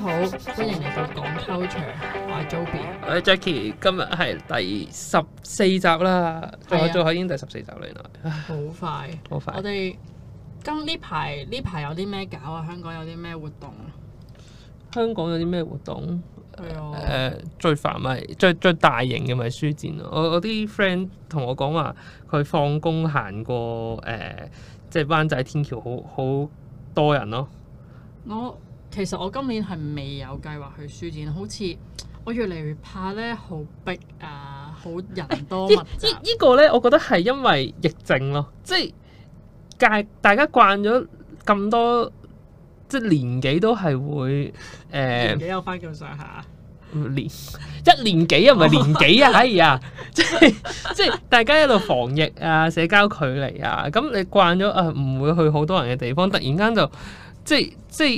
好，歡迎嚟到廣州場。我係 Jobby，我係 Jackie 今。今日係第十四集啦，再最後已經第十四集嚟啦。好快，好快。我哋今呢排呢排有啲咩搞啊？香港有啲咩活動？香港有啲咩活動？誒、哦呃，最煩咪最最大型嘅咪書展咯。我我啲 friend 同我講話，佢放工行過誒、呃，即係灣仔天橋好好多人咯。我。其實我今年係未有計劃去書展，好似我越嚟越怕咧，好逼啊，好人多物雜。依、哎這個咧，我覺得係因為疫症咯，即係介大家慣咗咁多，即係年紀都係會誒。年紀、呃、有翻咁上下？年一年幾啊？唔係年紀啊？ 哎呀！即係 即係大家一度防疫啊，社交距離啊，咁你慣咗啊，唔會去好多人嘅地方，突然間就。即係即係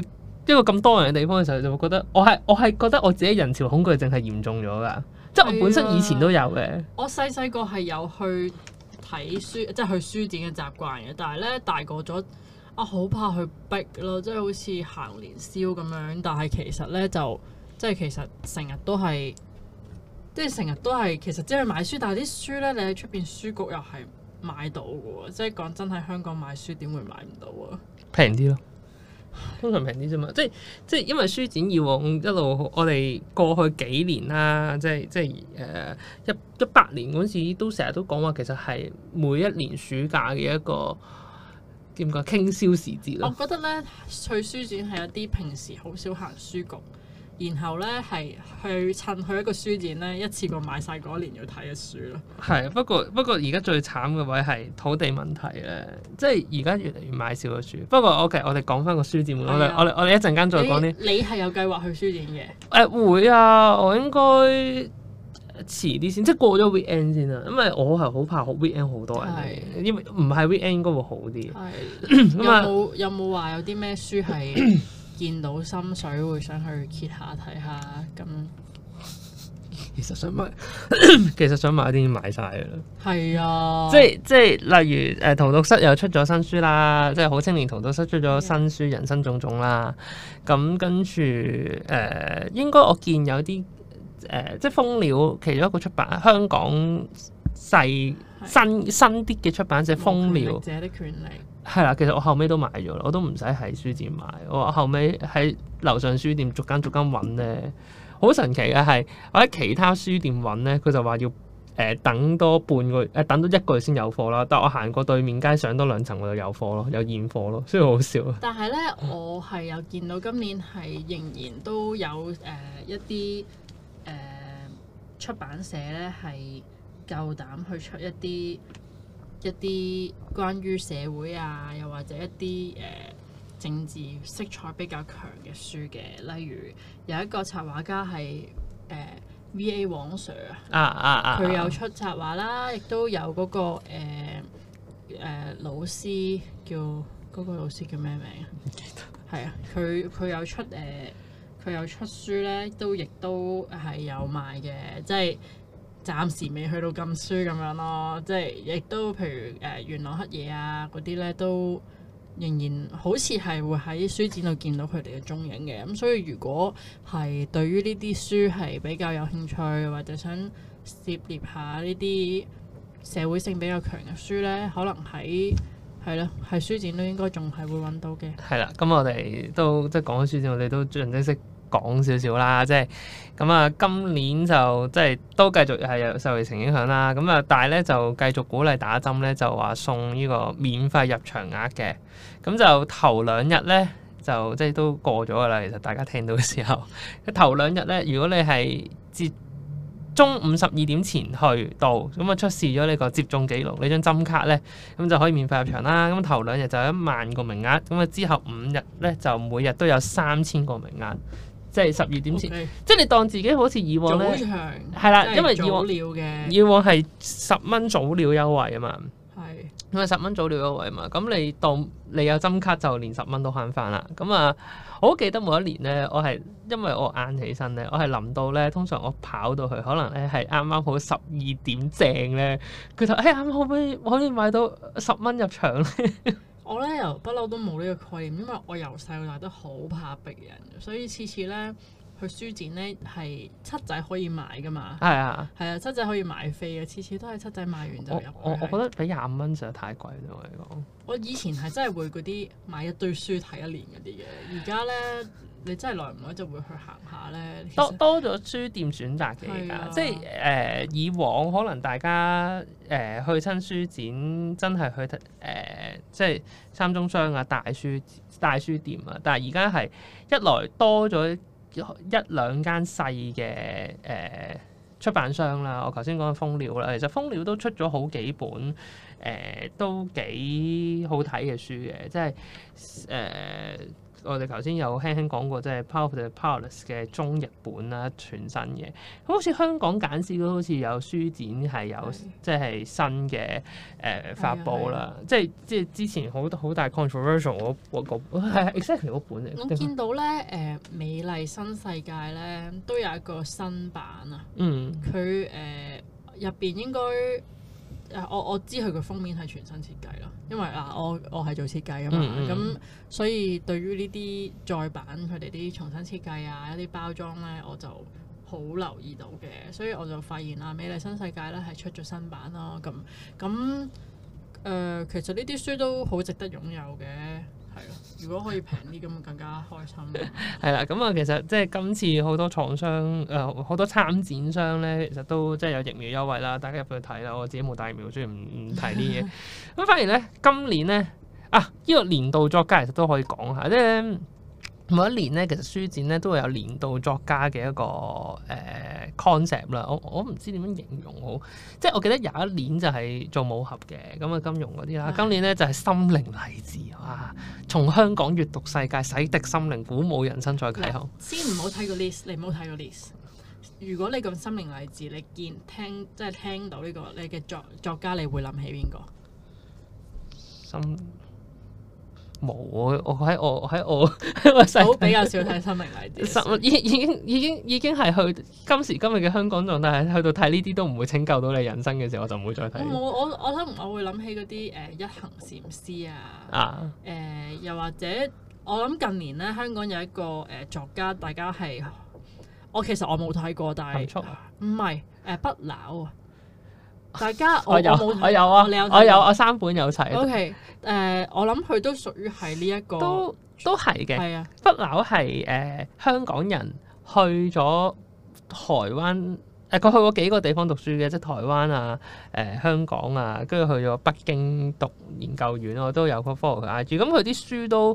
去一個咁多人嘅地方嘅時候，就會覺得我係我係覺得我自己人潮恐懼症係嚴重咗㗎。即係我本身以前都有嘅、啊。我細細個係有去睇書，即係去書展嘅習慣嘅。但係咧大個咗，我、啊、好怕去逼咯，即係好似行年宵咁樣。但係其實咧就即係其實成日都係，即係成日都係其實即係買書。但係啲書咧你喺出邊書局又係買到嘅喎，即係講真喺香港買書點會買唔到啊？平啲咯～通常平啲啫嘛，即係即係，因為書展以往一路，我哋過去幾年啦，即係即係誒，一一八年嗰陣時都成日都講話，其實係每一年暑假嘅一個點講傾銷時節啦。我覺得咧，去書展係有啲平時好少行書局。然後咧係去趁去一個書展咧一次過買晒嗰年要睇嘅書咯。係，不過不過而家最慘嘅位係土地問題咧，即係而家越嚟越買少嘅書。不過 OK，我哋講翻個書展，的我哋我哋我哋一陣間再講啲。你係有計劃去書展嘅？誒、呃、會啊，我應該遲啲先，即係過咗 weekend 先啦。因為我係好怕好 weekend 好多人，的因為唔係 weekend 應該會好啲。係的 有冇有冇話 有啲咩書係？ 見到心水會想去揭下睇下，咁 其實想買,買，其實想買啲買曬啦。係啊，即係即係，例如誒荼、呃、毒室又出咗新書啦，即係好青年荼毒室出咗新書《Yeah. 人生種種》啦、嗯。咁跟住誒，應該我見有啲誒、呃，即係蜂鳥其中一個出版香港細新新啲嘅出版社蜂鳥。係啦，其實我後尾都買咗啦，我都唔使喺書店買，我後尾喺樓上書店逐間逐間揾咧，好神奇嘅係，我喺其他書店揾咧，佢就話要誒、呃、等多半個誒、呃、等多一個月先有貨啦，但係我行過對面街上多兩層我就有貨咯，有現貨咯，所以好笑。但係咧，我係有見到今年係仍然都有誒、呃、一啲誒、呃、出版社咧係夠膽去出一啲。一啲關於社會啊，又或者一啲誒、呃、政治色彩比較強嘅書嘅，例如有一個插畫家係誒、呃、V.A. 王 Sir, s i r 啊，佢、啊啊、有出插畫啦，亦都有嗰、那個誒、呃呃、老師叫嗰個老師叫咩名 啊？唔記得。係啊，佢佢有出誒，佢、呃、有出書咧，都亦都係有賣嘅，即、就、係、是。暫時未去到禁書咁樣咯，即係亦都譬如誒、呃《元朗黑夜》啊嗰啲咧，都仍然好似係會喺書展度見到佢哋嘅蹤影嘅。咁、嗯、所以如果係對於呢啲書係比較有興趣，或者想涉獵下呢啲社會性比較強嘅書咧，可能喺係咯，係書展應該都應該仲係會揾到嘅。係啦，咁我哋都即係講開書展，我哋都盡職式。講少少啦，即係咁啊！今年就即係、就是、都繼續係受疫情影響啦，咁啊，但係咧就繼續鼓勵打針咧，就話送呢個免費入場額嘅。咁就頭兩日咧，就即係、就是、都過咗噶啦。其實大家聽到嘅時候，佢頭兩日咧，如果你係接中午十二點前去到，咁啊出示咗呢個接種記錄，呢、這、張、個、針卡咧，咁就可以免費入場啦。咁頭兩日就有一萬個名額，咁啊之後五日咧就每日都有三千個名額。即係十二點前，Okay. 即係你當自己好似以往咧，係上啦，因為以往咧，以往係十蚊早料優惠啊嘛，係是因為十蚊早鳥優惠嘛，咁你當你有針卡就連十蚊都慳翻啦。咁啊，我好記得每一年咧，我係因為我晏起身咧，我係諗到咧，通常我跑到去，可能咧係啱啱好十二點正咧，佢就誒啱啱可唔可以可以買到十蚊入場咧？ 我咧由不嬲都冇呢個概念，因為我由細到大都好怕逼人，所以次次咧去書展咧係七仔可以買㗎嘛，係啊，係啊，七仔可以買飛啊。次次都係七仔買完就入去。我我覺得俾廿五蚊實在太貴咗，我講。我以前係真係會嗰啲買一堆書睇一年嗰啲嘢，而家咧。你真係耐唔耐就會去行下咧，多多咗書店選擇嘅而家，即係誒、呃、以往可能大家誒、呃、去親書展，真係去睇誒、呃、即係三中商啊、大書大書店啊，但係而家係一來多咗一兩間細嘅誒出版商啦，我頭先講風鳥啦，其實風鳥都出咗好幾本誒、呃、都幾好睇嘅書嘅，即係誒。呃我哋頭先有輕輕講過，即係 Powerful Powerless 嘅中譯本啦，全新嘅好似香港簡史都好似有書展係有，對即係新嘅誒、呃啊、發佈啦，啊、即係即係之前好好大 controversial 嗰 exactly 本嚟。啊、我見到咧誒、呃，美麗新世界咧都有一個新版啊。呃、嗯，佢誒入邊應該。我我知佢個封面係全新設計啦，因為嗱、啊、我我係做設計啊嘛，咁、嗯嗯嗯、所以對於呢啲再版佢哋啲重新設計啊一啲包裝呢，我就好留意到嘅，所以我就發現啦，《美麗新世界》咧係出咗新版咯，咁咁誒，其實呢啲書都好值得擁有嘅。係如果可以平啲咁，更加開心。係啦，咁啊，其實即係今次好多廠商誒，好、呃、多參展商咧，其實都即係有疫苗優惠啦。大家入去睇啦，我自己冇帶疫苗，所以唔唔睇啲嘢。咁 反而咧，今年咧啊，呢、呢個年度作家其實都可以講下咧。即每一年咧，其實書展咧都會有年度作家嘅一個誒 concept 啦。我我唔知點樣形容好，即係我記得有一年就係做武俠嘅，咁啊金庸嗰啲啦。的今年咧就係心靈勵志，哇！從香港閲讀世界，洗滌心靈，鼓舞人生再好，再啟航。先唔好睇個 list，你唔好睇個 list。如果你咁《心靈勵志，你見聽即係聽到呢、這個你嘅作作家，你會諗起邊個？心冇我我喺我喺我好比較少睇生命類啲，生 已在已經已經已經係去今時今日嘅香港狀態係去到睇呢啲都唔會拯救到你人生嘅時候，我就唔會再睇。冇我我諗我，我會諗起嗰啲誒一行禪師啊，誒、啊呃、又或者我諗近年咧香港有一個誒、呃、作家，大家係我其實我冇睇過，但係唔係誒不朽啊、呃？大家我有冇、哦、我，我有啊，有我有我三本有齊。Okay, 誒、呃，我諗佢都屬於係呢一個都都係嘅。係啊的，畢柳係誒香港人去咗台灣誒，佢、呃、去過幾個地方讀書嘅，即係台灣啊，誒、呃、香港啊，跟住去咗北京讀研究院，我都有個 follow 佢 I G，咁佢啲書都，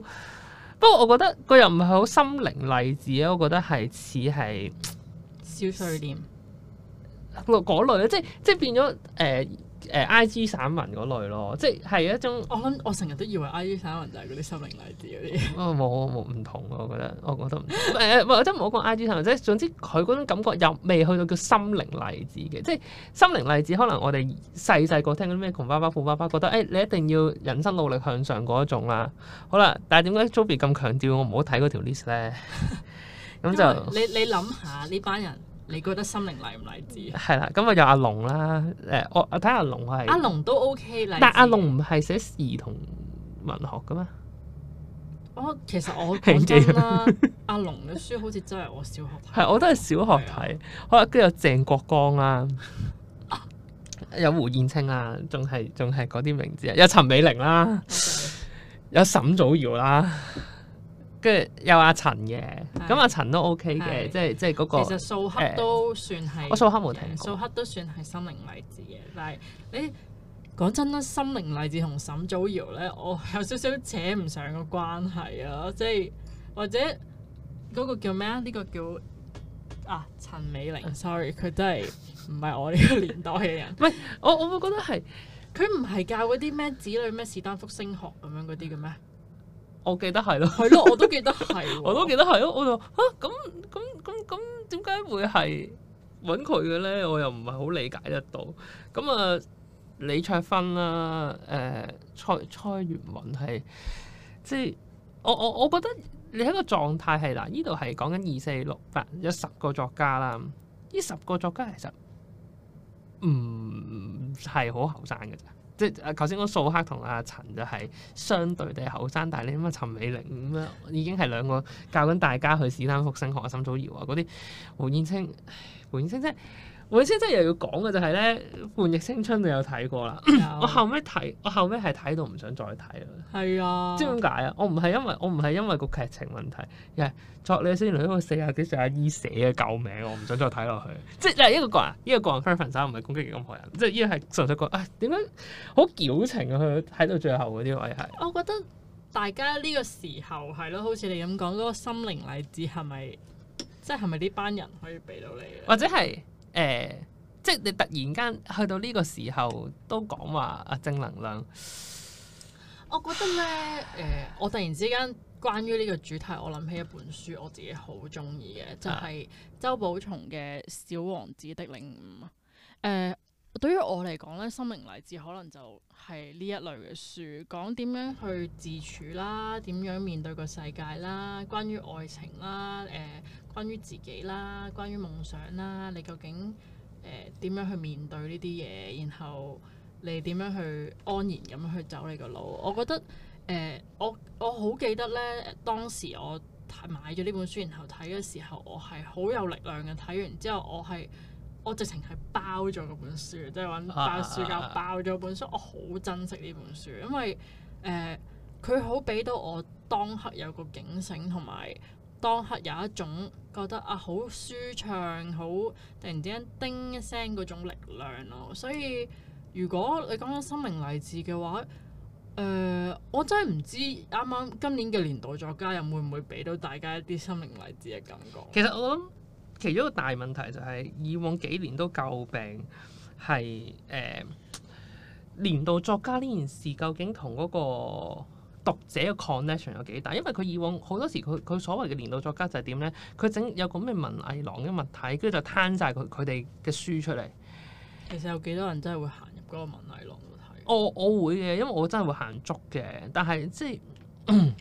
不過我覺得佢又唔係好心靈勵志啊，我覺得係似係小碎念嗰類咯，即係即係變咗誒。呃誒、呃、I G 散文嗰類咯，即係係一種，我諗我成日都以為 I G 散文就係嗰啲心靈勵志嗰啲。哦，冇冇唔同，我覺得我覺得唔誒，或者冇講 I G 散文，即係總之佢嗰種感覺又未去到叫心靈勵志嘅，即係心靈勵志可能我哋細細個聽嗰啲咩窮爸爸富爸爸，覺得誒、欸、你一定要人生努力向上嗰一種啦。好啦，但係點解 Zoby 咁強調我唔好睇嗰條 list 咧？咁就你你諗下呢班人。你覺得心靈勵唔勵志？係啦，咁啊就阿龍啦，誒、欸、我我睇阿龍係阿龍都 OK 勵志，但阿龍唔係寫兒童文學嘅咩？我、哦、其實我講真啦， 阿龍嘅書好似真係我小學睇，我都係小學睇，可能跟有鄭國光啦，啊、有胡燕青啊，仲係仲係嗰啲名字，有陳美玲啦，Okay. 有沈祖堯啦。 跟住有阿陳嘅，咁對阿陳都 OK 嘅，對即係即係嗰個。其實素黑都算係、欸、我素黑冇聽過。素黑都算係心靈勵志嘅，但係你講真啦，心靈勵志同沈祖堯咧，我有少少扯唔上個關係啊！即係或者嗰、嗰個叫咩、呢個、啊？呢個叫啊陳美玲。 Sorry，佢真係唔係我呢個年代嘅人？唔係， 我我會覺得係佢唔係教嗰啲咩子女咩士丹福升學咁樣嗰啲嘅咩？我記得係咯，係咯，我都記得係， 我都記得係咯。我就咁咁咁咁點解會係揾佢嘅咧？我又唔係好理解得到。咁啊、呃，李卓芬啦、啊，誒、呃，蔡蔡元文係，即係我我我覺得你喺個狀態係嗱，呢度係講緊二四六八有十個作家啦，呢十個作家其實唔係好後生嘅。嗯即係啊，頭先講素黑同阿、啊、陳就係相對地後生，但係你諗下陳美玲咁樣已經係兩個教緊大家去史丹福升、啊、學沈祖堯啊嗰啲，胡燕青。胡燕青即係。我意思真係又要講嘅就係咧，《叛逆青春》你有睇過啦？我後尾睇，我後尾係睇到唔想再睇咯。係是啊，知點解啊？我唔係因為我唔係因為個劇情問題，係作你先嚟一個四啊幾歲阿姨寫嘅救命？我唔想再睇落去。 即係呢一個個人，呢個個人，呢個個人 reference 唔係攻擊任何人。即係呢個係純粹講，啊點樣好矯情啊？佢喺到最後嗰啲位係。我覺得大家呢個時候係咯，好似你咁講，嗰個心靈勵志係咪即係係咪呢班人可以俾到你？或者係？誒、呃，即係你突然間去到呢個時候都講話啊正能量，我覺得咧誒、呃，我突然之間關於呢個主題，我諗起一本書，我自己好中意嘅，就係、是、周寶松嘅《小王子的領悟》誒。呃。對於我嚟講咧，生命勵志可能就係呢一類嘅書，講點樣去自處啦，點樣面對個世界啦，關於愛情啦，誒、呃，關於自己啦，關於夢想啦，你究竟誒點、呃、樣去面對呢啲嘢，然後你點樣去安然咁去走你個路？我覺得誒、呃，我我好記得咧，當時我睇買咗呢本書，然後睇嘅時候，我係好有力量嘅。睇完之後，我係。我直情係包咗嗰本書，即係揾包書膠包咗本書。啊、我好珍惜呢本書，因為佢好俾到我當刻有個警醒，同埋當刻有一種覺得啊好舒暢，好突然之間叮一聲嗰種力量咯。所以如果你講緊心靈勵志嘅話，誒、呃、我真係唔知啱啱今年嘅年度作家又會唔會俾到大家一啲心靈勵志嘅感覺。其實我諗。其中一個大問題就係、是、以往幾年都詬病係誒、呃、年度作家呢件事，究竟同嗰個讀者嘅 connection 有幾大？因為佢以往好多時佢佢所謂嘅年度作家就係點咧？佢整有個咩文藝廊嘅物體，跟住就攤晒佢佢哋嘅書出嚟。其實有幾多人真係會行入嗰個文藝廊度睇？我我會嘅，因為我真係會行足嘅，但係即係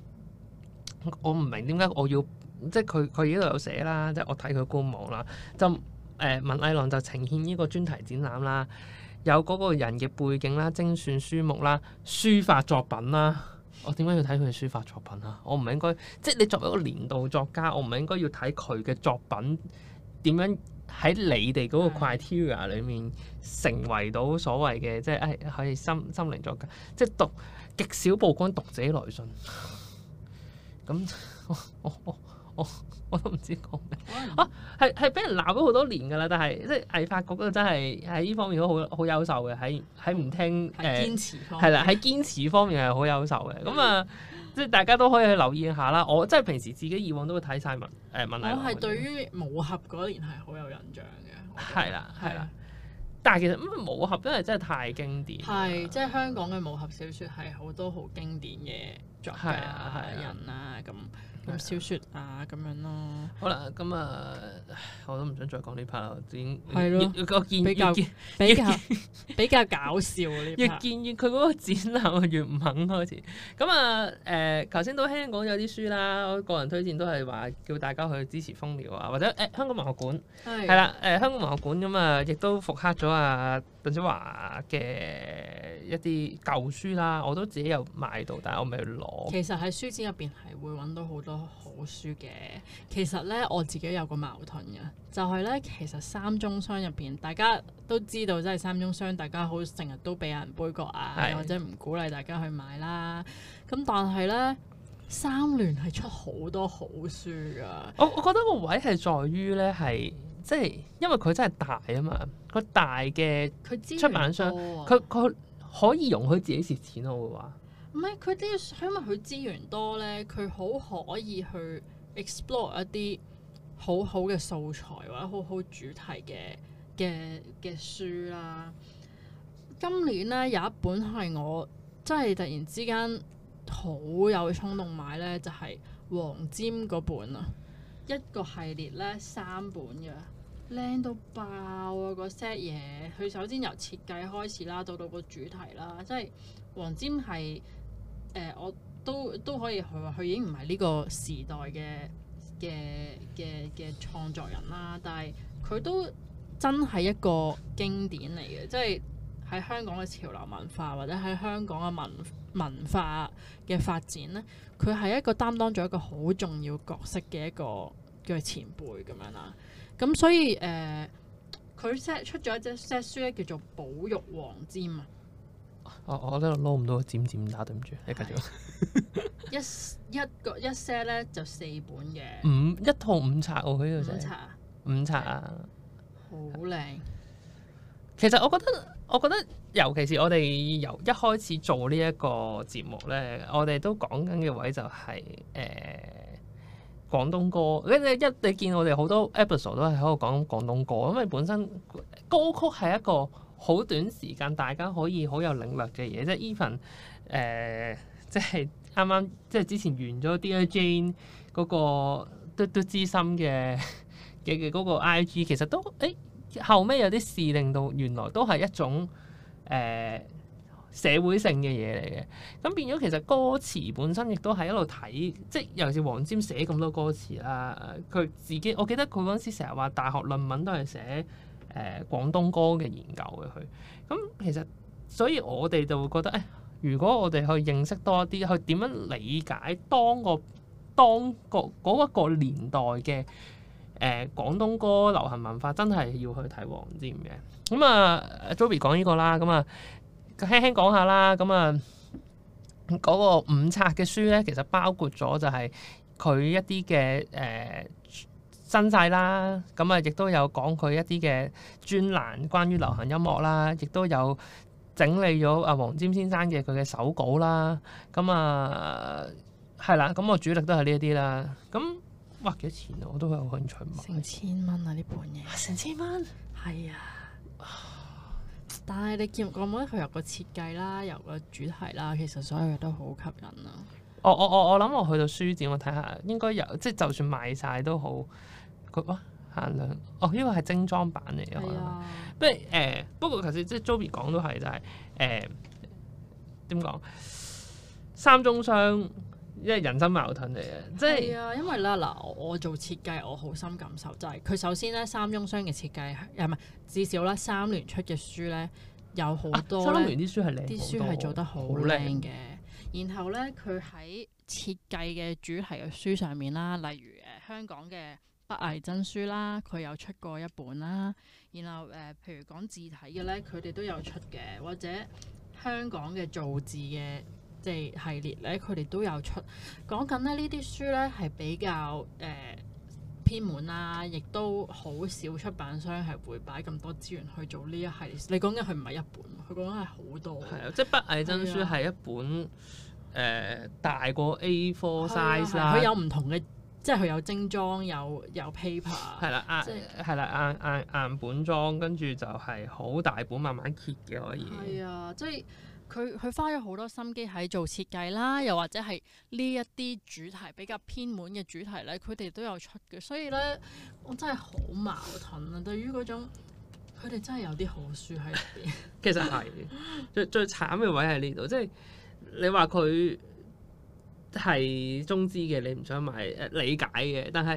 我唔明點解我要。即係佢佢依度有寫啦，即係我睇佢官網啦，就誒、呃、文藝廊就呈現呢個專題展覽啦，有嗰個人嘅背景啦、精選書目啦、書法作品啦。我點解要睇佢嘅書法作品啊？我唔係應該，即係你作為一個年度作家，我唔係應該要睇佢嘅作品點樣喺你哋嗰個 criteria 裏面成為到所謂嘅即係誒可以心心靈作家，即係讀極少曝光讀者來信。咁我我。哦哦。 我都唔知講咩，嗯、啊係係俾人鬧咗好多年噶啦，但係即係藝發局真係喺呢方面都好好優秀嘅，喺喺唔聽誒，係、呃、啦，喺堅持方面係好 優秀嘅。咁、嗯、啊， 即係大家都可以去留意下啦。我即係平時自己以往都會睇晒文誒文藝。我係對於武俠嗰年係好有印象嘅。係啦係啦，但係其實武俠因為真係太經典，係即係香港嘅武俠小説係好多好經典嘅作家啊，人啊咁。的小説啊，咁樣咯。好啦，咁、嗯、啊，我都唔想再講呢 part 啦。咯。比較了、比較、比較搞笑越建議佢嗰個展覽啊， 越唔肯開始。咁、嗯、啊，誒、呃，頭先都聽講有啲書啦。我個人推薦都係話，叫大家去支持蜂鳥啊，或者誒、欸、香港文學館。係。係啦，誒香港文學館咁啊，亦都復刻咗啊。鄭子華嘅一啲舊書啦，我都自己有買到，但係我未去攞。其實喺書展入邊係會揾到好多好書嘅。其實咧，我自己有個矛盾嘅，就係、是、咧，其實三中商入邊大家都知道，即係三中商，大家好成日都俾人杯葛啊，的或者唔鼓勵大家去買啦。咁但係咧，三聯係出好多好書㗎。我我覺得個位係在於咧係。即係因為佢真係大啊嘛，個大嘅出版商，佢佢可以容許自己蝕錢咯，會話，唔係佢啲，因為佢資源多咧，佢好可以去 explore 一啲好好嘅素材或者好好主題嘅嘅嘅書啦。今年咧有一本係我真係突然之間好有衝動買咧，就係、是、黃尖嗰本啊，一個系列咧三本嘅。靚到爆啊！個 set 嘢，佢首先由設計開始啦，到到個主題啦，即係黃霑係誒，我都都可以話佢已經唔係呢個時代嘅嘅嘅嘅創作人啦，但係佢都真係一個經典嚟嘅，即係喺香港嘅潮流文化或者喺香港嘅文文化嘅發展咧，佢係一個擔當咗一個好重要角色嘅一個叫前輩咁樣啦。咁、嗯、所以誒，佢、呃、set 出咗一隻 set 書咧，叫做保育《寶玉黃尖》啊！我我喺度撈唔到個尖尖打，對唔住，你繼續。一個一個一 set 咧就四本嘅。五一套五冊喎、哦，佢呢度。五，茶五冊啊！五冊啊！好靚。其實我覺得，我覺得，尤其是我哋由一開始做呢一個節目咧，我哋都講緊嘅位就係、是、誒。呃廣東歌，你你一你見我哋好多 episode 都係喺度講廣東歌，因為本身歌曲係一個好短時間大家可以好有領略嘅嘢，即係 even 誒，即係啱啱即係之前完咗 Dear Jane 嗰個都都知心嘅嘅嘅嗰個 IG，其實都誒、欸、後尾有啲事令到原來都係一種誒。呃社會性嘅嘢嚟嘅，咁變咗其實歌詞本身亦都係一路睇，即係尤其是黃霑寫咁多歌詞啦，佢自己我記得佢嗰陣時成日話大學論文都係寫誒廣東歌嘅研究嘅佢，咁其實所以我哋就會覺得誒、哎，如果我哋去認識多啲，去點樣理解當個當個嗰一個，那個年代嘅誒廣東歌流行文化，真係要去睇黃霑嘅。咁、嗯、啊，Joby 講呢個啦，咁、嗯、啊。輕輕講下啦，咁啊嗰、那個五冊嘅書咧，其實包括咗就係佢一啲嘅誒新細啦，咁、呃、啊亦都有講佢一啲嘅專欄關於流行音樂啦，亦、啊、都有整理咗阿黃霑先生嘅佢嘅手稿、啊啊、啦，咁啊係啦，咁我主力都係呢一啲啦。咁、啊、哇幾多錢啊？我都係好興趣成、啊啊。成千蚊啊！呢本嘢。成千蚊。係啊。但係你見過，我覺得佢有個設計啦，有個主題啦，其實所有嘢都好吸引啊、哦！我我我我諗我去到書展，我睇下應該有，即係就算賣晒都好，佢哇、啊、限量！哦，呢、這個係精裝版嚟嘅、啊呃，不誒不過頭先即係 Joey 講都係就係誒點講三中商。因為人生矛盾嚟嘅，即係啊，因為咧嗱，我做設計，我好深感受就係佢首先咧，三中商嘅設計係唔係至少咧，三聯出嘅書咧有好多三聯啲書係靚啲書係做得好靚嘅，然後咧佢喺設計嘅主題嘅書上面啦，例如誒香港嘅北魏真書啦，佢有出過一本啦，然後誒、呃、譬如講字體嘅咧，佢哋都有出嘅，或者香港嘅造字嘅。系列咧，佢哋都有出。講緊咧，呢啲書咧係比較誒、呃、偏門啦，亦都好少出版商係會擺咁多資源去做呢一系列。你講緊佢唔係一本，佢講緊係好多。係啊，即係畢麗珍書係一本誒的、呃、大過 A four size 啦。佢有唔同嘅，即係佢有精裝，有有 paper，係啦、啊是，硬係啦，硬硬硬本裝，跟住就係好大本，慢慢揭嘅可以。係啊的，即係。嗯。佢佢花咗好多心機喺做設計啦，又或者係呢一啲主題比較偏門嘅主題咧，佢哋都有出嘅，所以咧我真係好矛盾啊！ 對於嗰種佢哋真係有啲好書喺入邊， 其實係是 最最慘嘅位喺呢度，即、就、係、是、你話佢係中資嘅，你唔想買、呃、理解嘅，但係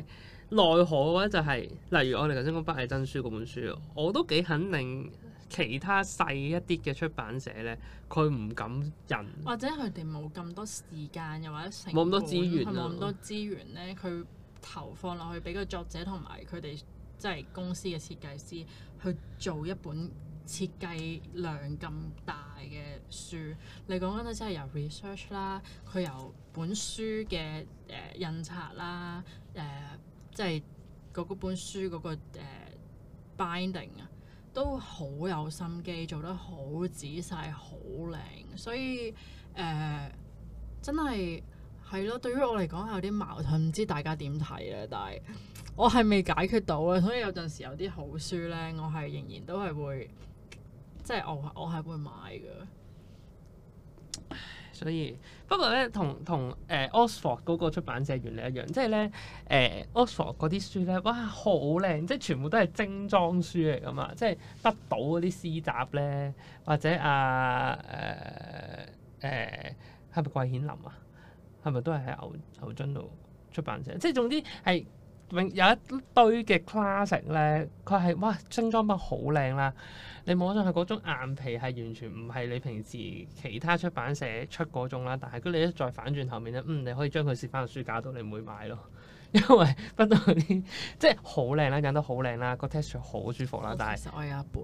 奈何嘅話就係、是，例如我哋頭先講《北魏真書》嗰本書，我都幾肯定。其他細一啲嘅出版社咧，佢唔敢印，或者佢哋冇咁多時間，又或者成冇咁多資源，冇咁多資源咧，佢投放落去俾個作者同埋佢哋，即係公司嘅設計師去做一本設計量咁大嘅書。你講緊咧，即係由 research 啦，佢由本書嘅誒、呃、印刷啦，誒即係嗰本書嗰個 binding 啊。呃都好有心機，做得好仔細，好靚，所以誒、呃、真係係咯。對於我嚟講有啲矛盾，唔知大家點睇咧。但係我係未解決到呀，所以有陣時有啲好書呢，我係仍然都係會即係我我係會買嘅。所以不過咧，同同誒、呃、Oxford 嗰個出版社原理一樣，即係咧誒 Oxford 嗰啲書咧，哇好靚，即係、就是、全部都係精裝書嚟㗎嘛，即係北島嗰啲詩集咧，或者啊，誒誒係咪季羨林啊？係咪都係喺牛牛津度出版社？即係總之係。有一堆嘅 classic 咧，佢係哇，精裝本好靚啦！你摸上去嗰種硬皮，係完全唔係你平時其他出版社出嗰種啦。但係佢你一再反轉後面咧，嗯，你可以將佢攝翻喺書架度，你唔會買咯，因為北島嗰啲即係好靚啦，印得好靚啦，個 texture 好舒服啦。但係，我有一本，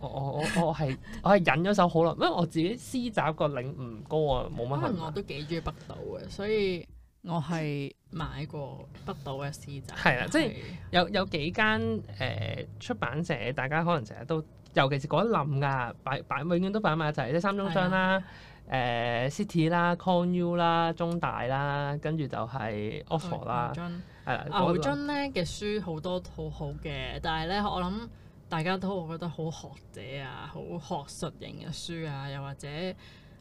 我我我我係我係忍咗手好耐，因為我自己私宅個領唔高啊，冇乜因為我都幾中意北斗嘅，所以我係。買過北島嘅詩集，係、就、啦、是，即係有有幾間誒、呃、出版社，大家可能成日都，尤其是嗰一冧㗎擺擺，永遠都擺埋一齊，即、就、係、是、三中商啦、誒的、呃、City 啦、啊、Con U 啦、中大啦，跟住就係 Oxford 啦。牛津咧嘅、嗯、書很多很好多好好嘅，但係咧我諗大家都會覺得好學者啊，好學術型嘅書啊，又或者誒。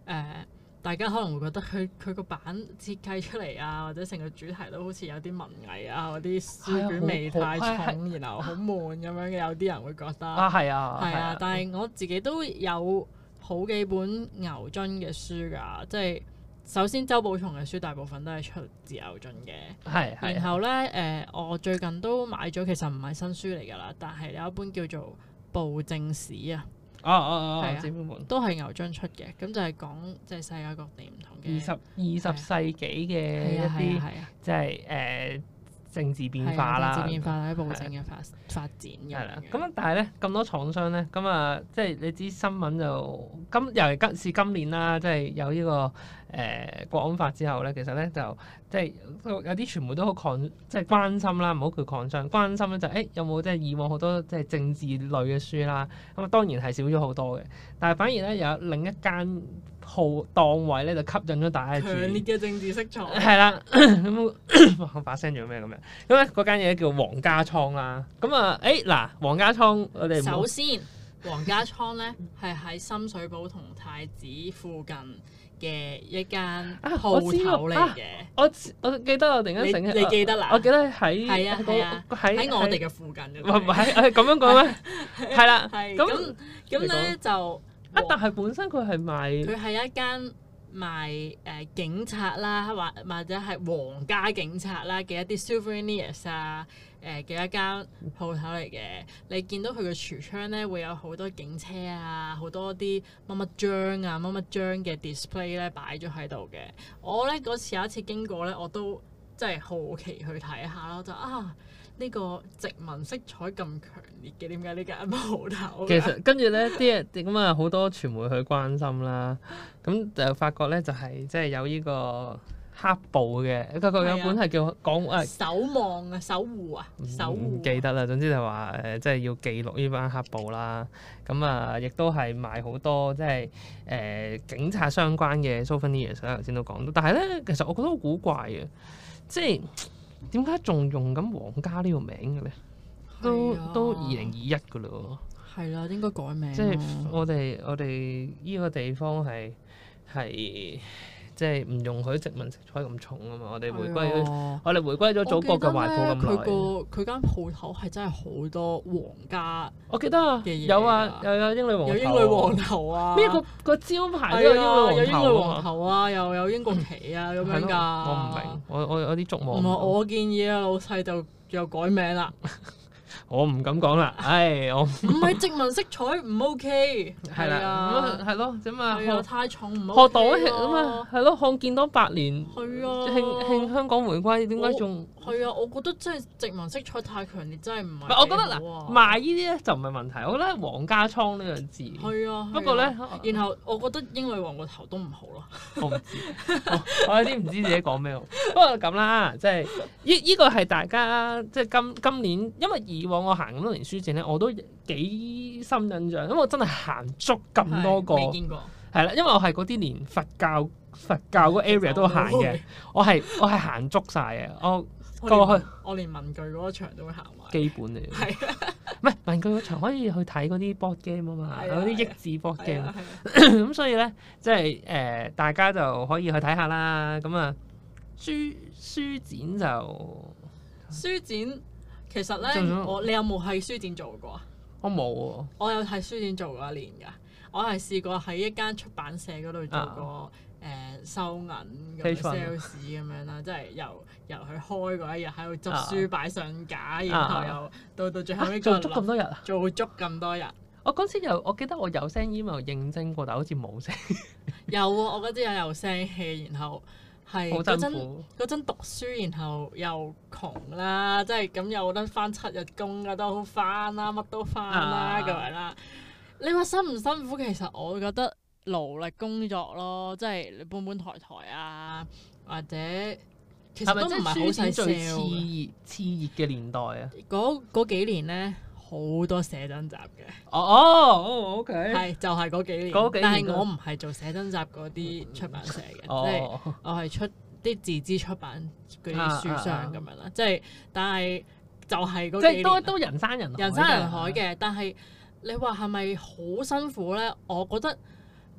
呃大家可能會覺得佢佢個版設計出嚟啊，或者成個主題都好似有啲文藝啊，或啲書卷味太重，哎哎、然後好悶咁樣嘅，哎、呀有啲人會覺得啊，係啊、哎，係、哎、啊。但係我自己都有好幾本牛津嘅書㗎，即、就、係、是、首先周保松嘅書大部分都係出自牛津嘅，係、哎呀。然後咧，誒、呃，我最近都買咗，其實唔係新書嚟㗎啦，但係有一本叫做《布政史》啊。哦哦哦哦，姊妹們都係牛津出嘅，咁就係講即係世界各地唔同嘅二十二十世紀嘅一啲，即係誒政治變化啦，啊、政治變化啦，喺暴、啊、政嘅發發展嘅。係啦，咁但係咧咁多廠商咧，咁啊，啊嗯、即係你知新聞就今尤其今是今年啦，即係有呢、這個。誒國安法之後咧，其實咧就即係有啲傳媒都好抗，即係關心啦，唔好叫抗爭，關心咧就誒有冇即係以往好多即係政治類嘅書啦。咁啊當然係少咗好多嘅，但係反而咧有另一間鋪檔位咧就吸引咗大家，強烈嘅政治色彩。係啦，咁發生咗咩咁樣？咁咧嗰間嘢叫黃家倉啦。咁啊誒嗱，黃家倉首先黃家倉咧係喺深水埗同太子附近。嘅一間鋪頭嚟嘅，我、啊、我記得我突然間醒起你，你記得啦？我記得喺係啊，係啊，喺、啊、在我哋嘅附近唔係唔係咁樣講咩？係、 啊啊、啦，咁咁咧就啊，就但係本身佢係賣佢係一間賣誒警察啦，或或者係皇家警察啦嘅一啲 souvenirs 啊。誒嘅一間鋪頭嚟嘅，你見到佢個櫥窗咧，會有好多警車啊，好多啲乜乜章啊，乜乜章嘅 display 咧，擺咗喺度嘅。我咧嗰次有一次經過咧，我都真係好奇去睇下囉，就啊呢個殖民色彩咁強烈嘅，點解呢間鋪頭？其實跟住咧啲咁啊好多傳媒去關心啦，咁就、 嗯、發覺咧就係即係有呢個。黑暴嘅，佢有本係叫港《港誒、啊呃、守望》啊，守啊《守護》啊，嗯《守唔記得啦。總之就話誒，即係要記錄呢班黑暴啦。咁、嗯、啊，亦都係賣好多即係誒、呃、警察相關嘅、呃。Souvenir 所以頭先都講到。但係咧，其實我覺得好古怪嘅，即係點解仲用緊皇家呢個名嘅咧？都、啊、都二零二一噶咯。係啦、啊，應該改名。即係我哋我哋呢個地方係係。即係唔容許殖民色彩咁重啊嘛！我哋回歸，哎、呦我哋回歸咗祖國嘅懷抱咁耐。佢個佢間鋪頭係真係好多皇家，我記得啊，有啊，有啊英有英女皇，有英女皇頭啊！咩個個招牌都有英女皇頭啊，哎、有頭啊又有英國旗啊咁、嗯、樣㗎。我唔明，我我有啲慾望。唔係，我建議啊，老細就又改名啦。 我唔敢講啦，唉，我唔係殖民色彩唔 OK，係啦，係咯，咁啊，學太重唔學到啊嘛，係咯，看見到百年，係啊，慶香港回歸，點解仲係啊？我覺得真係殖民色彩太強烈，真係唔係我覺得嗱賣呢啲咧就唔係問題，我覺得皇家倉呢兩字係啊，不過咧，然後我覺得英女王個頭都唔好咯，我唔知，我有啲唔知自己講咩，不過咁啦，即係呢呢個係大家即係今今年，因為以往。當我我行咁多年書展咧，我都幾深印象，因為我真係行足咁多個，未見過，係啦，因為我係嗰啲連佛教佛教嗰 area 都行嘅、嗯， 我係 我係行足晒嘅，我過去我連文具嗰個場都會行埋，基本嚟，係是、啊，唔 係文具個場可以去睇嗰啲 board game 啊嘛，嗰啲、啊、益智 board game，咁、啊啊啊 嗯、所以咧，即係誒，大家就可以去睇下啦，咁啊，書書，書展就書展。 其實咧，有有我你有冇喺書展做過啊？我冇喎。我有喺書展做過一年㗎。我係試過喺一間出版社嗰度做過誒、啊呃、收銀 sales 咁樣啦， 即係由由佢開嗰一日喺度執書擺上架，啊、然後又到到最後尾、啊、做足咁多日。做足咁多日。我嗰次有，我記得我有聲 email 認證過，但係好似冇聲。 有喎、啊，我嗰次有有聲氣，然後。係嗰陣嗰陣讀書，然後又窮啦，即係咁有得翻七日工啊，都好翻啦，乜都翻啦咁樣啦。你話辛唔辛苦？其實我覺得勞力工作咯，即係你搬搬抬抬啊，或者其實都唔係好想最熾熱熾熱嘅年代啊，嗰幾年咧。好多寫真集嘅，哦，O 哦，哦 K，係就係、是、嗰幾年，幾年但係我唔係做寫真集嗰啲出版社嘅，即係、嗯哦、我係出啲自資出版嗰啲書商咁樣啦，即係但係就係嗰幾即係都都人山人海，人山人海嘅，但係你話係咪好辛苦咧？我覺得。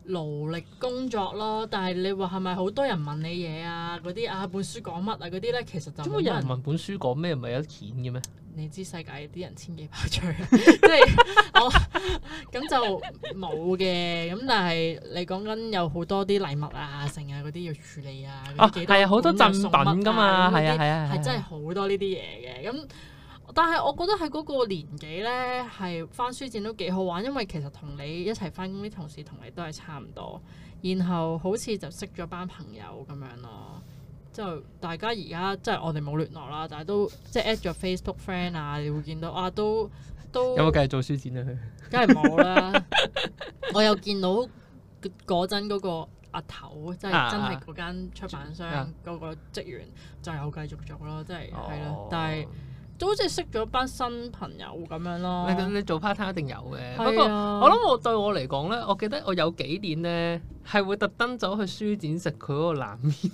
勞力工作咯，但係你話係咪好多人問你嘢啊？嗰啲啊本書講乜啊？嗰啲咧其實就冇人問文文本書講咩，唔係有錢嘅咩？你知世界啲人千幾百歲、啊，即係我咁就冇嘅。咁但係你講緊有好多啲禮物啊、剩啊嗰啲要處理啊，哦，係啊，好多贈、啊啊、品㗎嘛，係啊係啊，係、啊啊、真係好多呢啲嘢嘅咁。 但係我覺得喺嗰個年紀呢，係返書展都幾好玩，因為其實同你一齊返工啲同事同你都係差唔多，然後好似就識咗班朋友咁樣咯。之後大家而家即係我哋冇聯絡啦，但係都即係 at 咗 Facebook friend 啊，你會見到啊都都有冇繼續做書展啊？佢，梗係冇啦。 我又見到嗰陣嗰個阿頭，即係真係嗰間出版商嗰個職員，就有繼續做咯，即係係咯，哦、但係。都好似識咗班新朋友咁樣咯。你做 part time 一定有嘅。是啊、不過我諗我對我嚟講咧，我記得我有幾年咧係會特登走去書展食佢嗰個冷麵。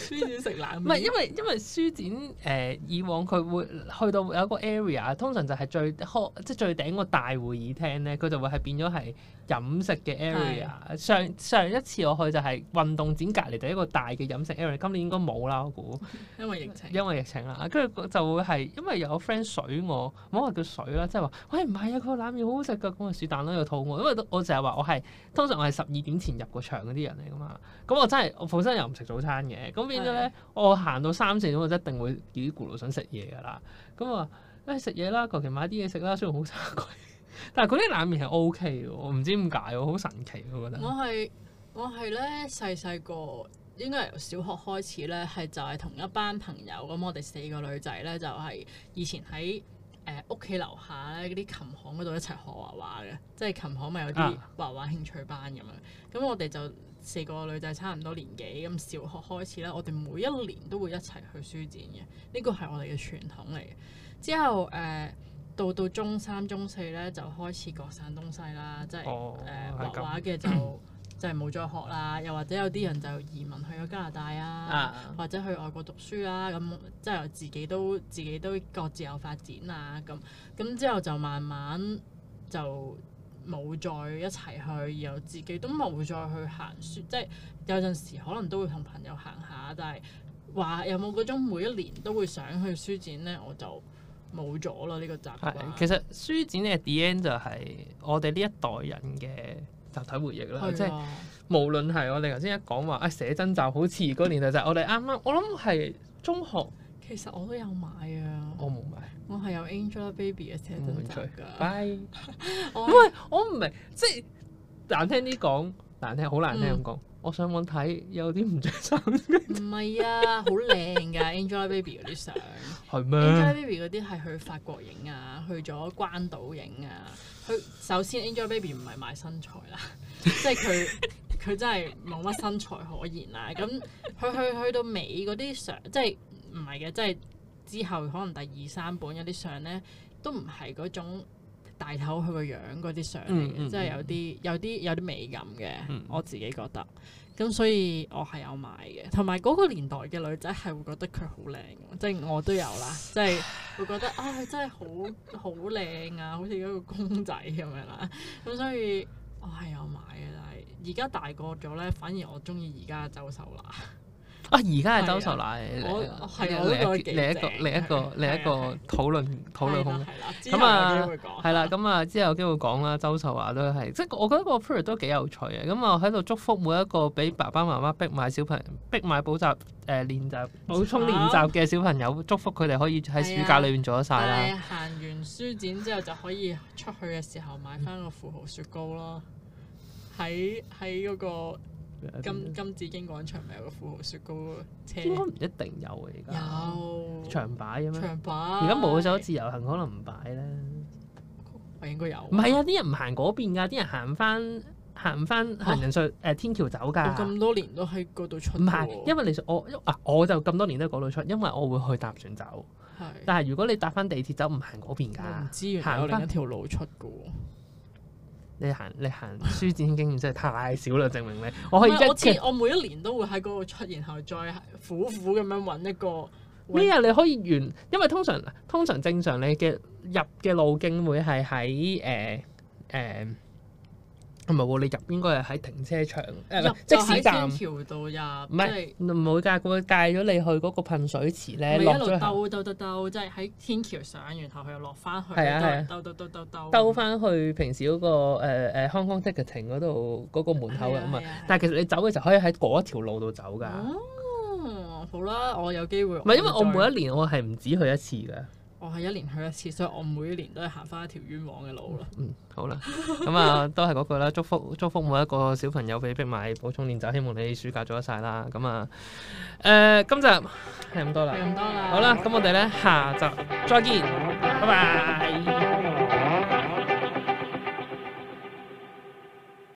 書展食冷麵，唔係因為因為書展誒、呃、以往佢會去到有一個 area，通常就係最即係最頂個大會議廳咧，佢就會係變咗係飲食嘅 area。的上上一次我去就係運動展隔離第一個大嘅飲食 area，今年應該冇啦，我估。 因為疫情。因為疫情啦，跟住就會係因為有 friend 水我，冇好話叫水啦，即係話喂唔係啊，嗰個冷麵好好食㗎，咁啊是但啦，又肚餓，因為我就係話我係通常我係十二點前入過場嗰啲人嚟㗎嘛，咁我真係我本身又唔食早餐嘅，咁。變咗咧，我行的、哦、到三四點，我一定會幾攰，想食嘢噶啦。咁我話，誒食嘢啦，求其買啲嘢食啦，雖然好差鬼，但係嗰啲冷麵係 O K 嘅，我唔知點解，我好神奇，我覺得我。我係我係咧細細個，應該由小學開始咧，係就係同一班朋友，咁我哋四個女仔咧，就係、是、以前喺。誒屋企樓下咧啲琴行嗰度一齊學畫畫嘅，即係琴行咪有啲畫畫興趣班咁樣。咁、啊、我哋就四個女仔差唔多年紀，咁小學開始啦，我哋每一年都會一齊去書展嘅，呢個係我哋嘅傳統嚟嘅。之後誒到、呃、到中三中四咧就開始各散東西啦，即係誒、哦呃、畫畫嘅就。嗯就係冇再學啦，又或者有啲人就移民去咗加拿大啊，或者去外國讀書啦，咁即係自己都自己都各自有發展啊，咁咁之後就慢慢就冇再一齊去，然後自己都冇再去行書，即係有陣時可能都會同朋友行下，但係話有冇嗰種每一年都會想去書展呢？我就冇咗啦呢個習慣。其實書展嘅 end 就係我哋呢一代人嘅。集體回憶啦，啊、即係無論係我哋頭先一講話啊寫真集，好似嗰年代就係我哋啱啱，我諗係中學。其實我都有買啊，我冇買，我係有 Angelababy 嘅寫真集噶。Bye 唔係我唔明，即係難聽啲講，難聽好難聽咁講。我上網睇有啲唔着衫。唔係啊，好靚㗎 Angelababy 嗰啲相。係咩？Angelababy 嗰啲係去法國影啊，去咗關島影啊。佢首先 Angelababy 唔係賣身材啦， 即係佢佢真係冇乜身材可言啊。咁佢去去到尾嗰啲相，即係唔係嘅，即係之後可能第二三本有啲相咧，都唔係嗰種。大頭佢個樣嗰啲相嚟嘅，嗯嗯、即係有啲有啲有啲美感嘅，嗯、我自己覺得。咁所以我係有買嘅，同埋嗰個年代嘅女仔係會覺得佢好靚，嗯、即係我都有啦，即係 會覺得啊、哎，真係好好靚啊，好似一個公仔咁樣啦。咁所以我係有買嘅，但係而家大個咗咧，反而我中意而家嘅周秀娜。啊！而家係周秀娜，另一個另一個另一個另一個討論討論空間。咁啊，係啦，咁啊之後有機會講啦。周秀華都係，即係我覺得個 Pray 都幾有趣嘅。咁啊喺度祝福每一個俾爸爸媽媽逼買小朋友逼買補習誒練習補充練習嘅小朋友，祝福佢哋可以喺暑假裏面做得晒啦。行完書展之後就可以出去嘅時候買翻個富豪雪糕咯。喺喺嗰個。金金紫荊廣場咪有個富豪雪糕車，應該唔一定有啊而家。有長擺咁樣？長擺。而家冇咗自由行，可能唔擺呢。我應該有。唔係啊！啲人唔行嗰邊噶，啲人行翻行翻行人隧道、啊呃、天橋走㗎。咁多年都喺嗰度出。唔係，因為你我啊，我就咁多年都喺嗰度出，因為我會去搭船走。係。但係如果你搭翻地鐵走，唔行嗰邊㗎。唔知啊。行另一條路出㗎喎。你行你行書展經驗真係太少啦，證明你我可以一，我，我每一年都會喺嗰度出現，然後再苦苦咁樣揾一個咩啊？你可以完，因為通常通常正常你嘅入嘅路徑會係喺誒誒。呃呃係咪 你入應該係喺停車場入，就喺天橋度入，即係唔會介，佢會介咗你去嗰個噴水池咧，落一路兜兜兜兜，即係喺天橋上，然後佢又落翻去，兜兜兜兜兜兜翻去平時嗰、嗰個誒誒康康體育亭嗰度嗰個門口嘅咁是啊！但係其實你走嘅時候可以喺嗰條路度走㗎。哦，好啦，我有機會。唔係因為我每一年我係唔止去一次㗎。我係一年去一次，所以我每一年都係行翻一條冤枉嘅路咯。嗯。嗯，好啦，咁啊，都係嗰句啦，祝福祝福每一個小朋友被逼買補充練習，希望你暑假做得晒啦。咁、嗯、啊，誒、嗯呃，今集係咁多啦，咁多啦。好啦，咁我哋咧下集再見，拜拜。Bye bye。